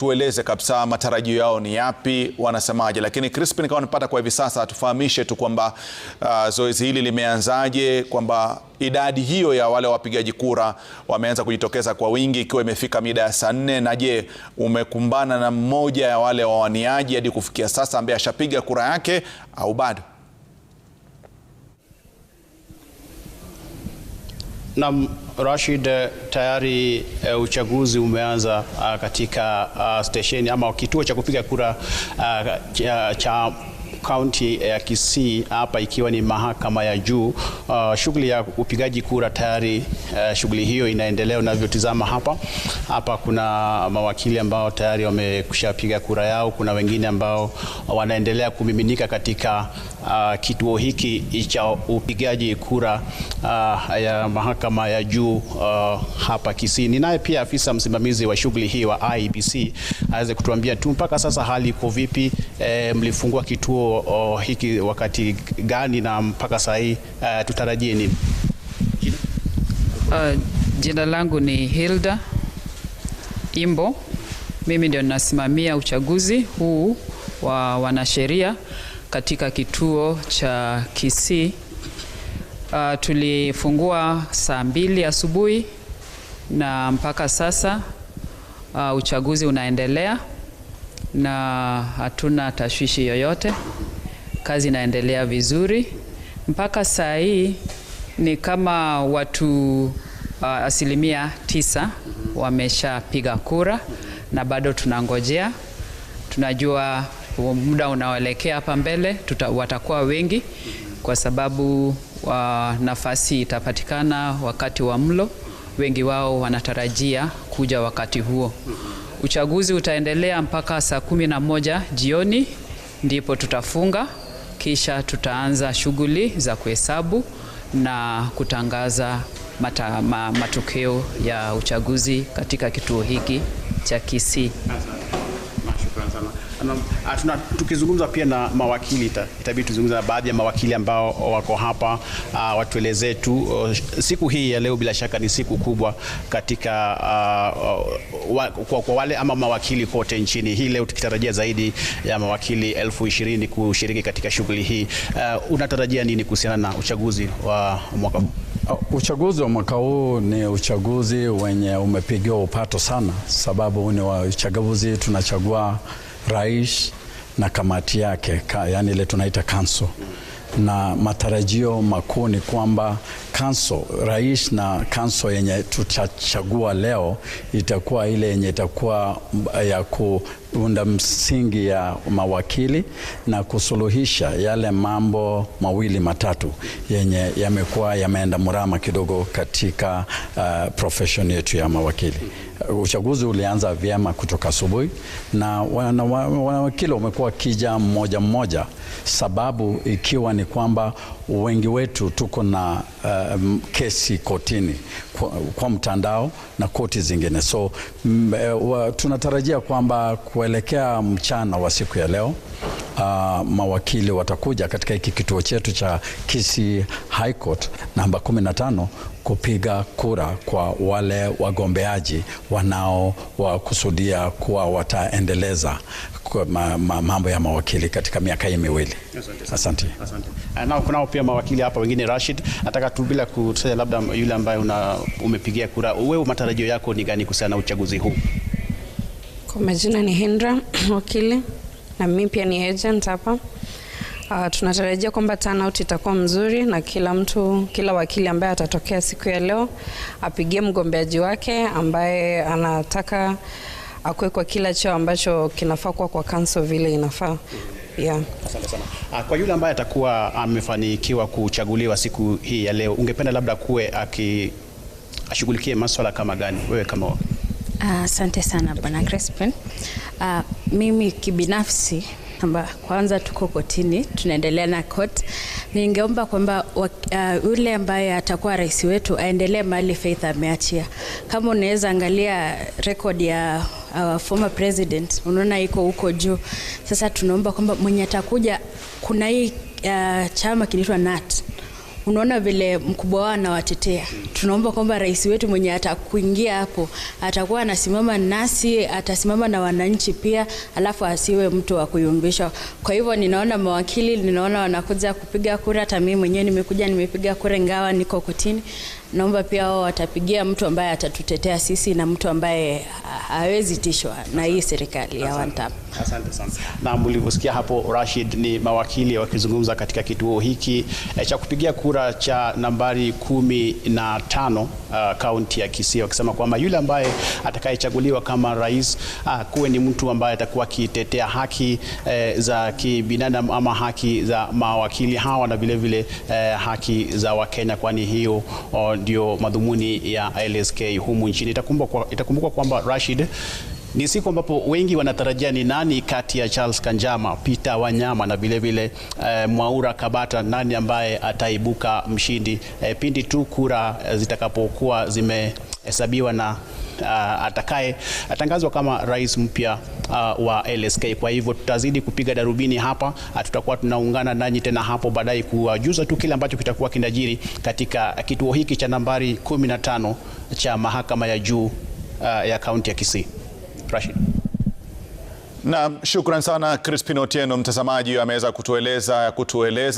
tueleze kabisa matarajio yao ni yapi, wanasemaje. Lakini Crispin, kama nipata kwa hivi sasa, tufahamishe tu kwamba uh, zoezi hili limeanzaje, kwamba idadi hiyo ya wale wapigaji kura wameanza kujitokeza kwa wingi ikiwa imefika mida ya saa nne, na je, umekumbana na mmoja ya wale wawaniaji hadi kufikia sasa ambaye ashapiga kura yake au bado? Na Rashid, eh, tayari uh, uchaguzi umeanza uh, katika uh, stesheni ama kituo cha kupiga kura uh, cha, cha kaunti ya Kisii hapa ikiwa ni mahakama ya juu uh, shughuli ya upigaji kura tayari uh, shughuli hiyo inaendelea unavyotizama hapa. Hapa kuna mawakili ambao tayari wamekushapiga kura yao, kuna wengine ambao wanaendelea kumiminika katika uh, kituo hiki cha upigaji kura uh, ya mahakama ya juu uh, hapa Kisii. Ninaye pia afisa msimamizi wa shughuli hii wa IEBC aweze kutuambia tu mpaka sasa hali iko vipi, eh, mlifungua kituo kiwango oh, hiki wakati gani na mpaka saa hii uh, tutarajie nini? Uh, jina langu ni Hilda Imbo. Mimi ndio ninasimamia uchaguzi huu wa wanasheria katika kituo cha Kisii. Uh, tulifungua saa mbili asubuhi na mpaka sasa uh, uchaguzi unaendelea na hatuna tashwishi yoyote. Kazi inaendelea vizuri mpaka saa hii, ni kama watu uh, asilimia tisa wameshapiga kura na bado tunangojea. Tunajua muda unaoelekea hapa mbele tuta, watakuwa wengi kwa sababu wa uh, nafasi itapatikana wakati wa mlo. Wengi wao wanatarajia kuja wakati huo. Uchaguzi utaendelea mpaka saa kumi na moja jioni ndipo tutafunga, kisha tutaanza shughuli za kuhesabu na kutangaza mata, ma, matokeo ya uchaguzi katika kituo hiki cha Kisii. Ah, tuna, tukizungumza pia na mawakili itabidi tuzungumza na baadhi ya mawakili ambao wako hapa uh, ah, watuelezee tu uh, siku hii ya leo bila shaka ni siku kubwa katika uh, wa, kwa, kwa wale ama mawakili kote nchini. Hii leo tukitarajia zaidi ya mawakili elfu ishirini kushiriki katika shughuli hii uh, unatarajia nini kuhusiana na uchaguzi wa mwaka huu? Uchaguzi wa mwaka huu ni uchaguzi wenye umepigiwa upato sana, sababu ni wa uchaguzi tunachagua rais na kamati yake ka, yani ile tunaita council na matarajio makuu ni kwamba kanso rais na kanso yenye tutachagua leo itakuwa ile yenye itakuwa ya kuunda msingi ya mawakili na kusuluhisha yale mambo mawili matatu yenye yamekuwa yameenda murama kidogo katika uh, profession yetu ya mawakili. Uh, uchaguzi ulianza vyema kutoka asubuhi na wanawakili wamekuwa kija mmoja mmoja, sababu ikiwa ni kwamba wengi wetu tuko na um, kesi kotini kwa, kwa mtandao na koti zingine, so m, eh, wa, tunatarajia kwamba kuelekea mchana wa siku ya leo uh, mawakili watakuja katika hiki kituo chetu cha Kisii High Court namba 15 kupiga kura kwa wale wagombeaji wanao wakusudia kuwa wataendeleza ma, ma, mambo ya mawakili katika miaka hii miwili. Asante. Asante. Eh, na kunao pia mawakili hapa wengine. Rashid, nataka tu bila kusema labda yule ambaye una umepigia kura, wewe matarajio yako ni gani kuhusiana na uchaguzi huu? Kwa majina ni Hendra wakili, na mimi pia ni agent hapa. Uh, tunatarajia kwamba turnout itakuwa mzuri na kila mtu, kila wakili ambaye atatokea siku ya leo apigie mgombeaji wake ambaye anataka kwa kila cheo ambacho kinafaa kuwa kwa kanso vile inafaa. Yeah. sana. Ah, kwa yule ambaye atakuwa amefanikiwa kuchaguliwa siku hii ya leo, ungependa labda kuwe aki ashughulikie maswala kama gani wewe kama ah, Asante uh, sana Bwana Crispin. Uh, mimi kibinafsi kwamba kwanza tuko kotini tunaendelea na court. Ningeomba kwamba yule uh, ambaye atakuwa rais wetu aendelee mali Faith ameachia. Kama unaweza angalia rekodi ya uh, former president unaona iko huko juu. Sasa tunaomba kwamba mwenye atakuja, kuna hii uh, chama kinaitwa NAT unaona vile mkubwa wao anawatetea. Tunaomba kwamba rais wetu mwenye atakuingia hapo atakuwa anasimama nasi, atasimama na wananchi pia, alafu asiwe mtu wa kuyumbishwa. Kwa hivyo ninaona mawakili, ninaona wanakuja kupiga kura. Hata mimi mwenyewe nimekuja nimepiga kura, ingawa niko kotini. Naomba pia wao watapigia mtu ambaye atatutetea sisi na mtu ambaye hawezi tishwa na hii serikali ya one Asante sana. Na mlivyosikia hapo, Rashid, ni mawakili wakizungumza katika kituo hiki eh, cha kupigia kura kura cha nambari kumi na tano uh, kaunti uh, ya Kisii wakisema kwamba yule ambaye atakayechaguliwa kama rais uh, kuwe ni mtu ambaye atakuwa akitetea haki eh, za kibinadamu ama haki za mawakili hawa na vilevile eh, uh, haki za Wakenya, kwani hiyo ndio madhumuni ya LSK humu nchini. Itakumbukwa kwamba Rashid ni siku ambapo wengi wanatarajia ni nani kati ya Charles Kanjama, Peter Wanyama na vilevile eh, Mwaura Kabata, nani ambaye ataibuka mshindi eh, pindi tu kura eh, zitakapokuwa zimehesabiwa na Uh, atakaye atangazwa kama rais mpya uh, wa LSK. Kwa hivyo tutazidi kupiga darubini hapa, tutakuwa tunaungana nanyi tena hapo baadaye kuwajuza tu kile ambacho kitakuwa kinajiri katika kituo hiki cha nambari 15 cha mahakama ya juu uh, ya kaunti ya Kisii. Rashid. Naam, shukran sana Crispin Otieno, mtazamaji ameweza kutueleza kutueleza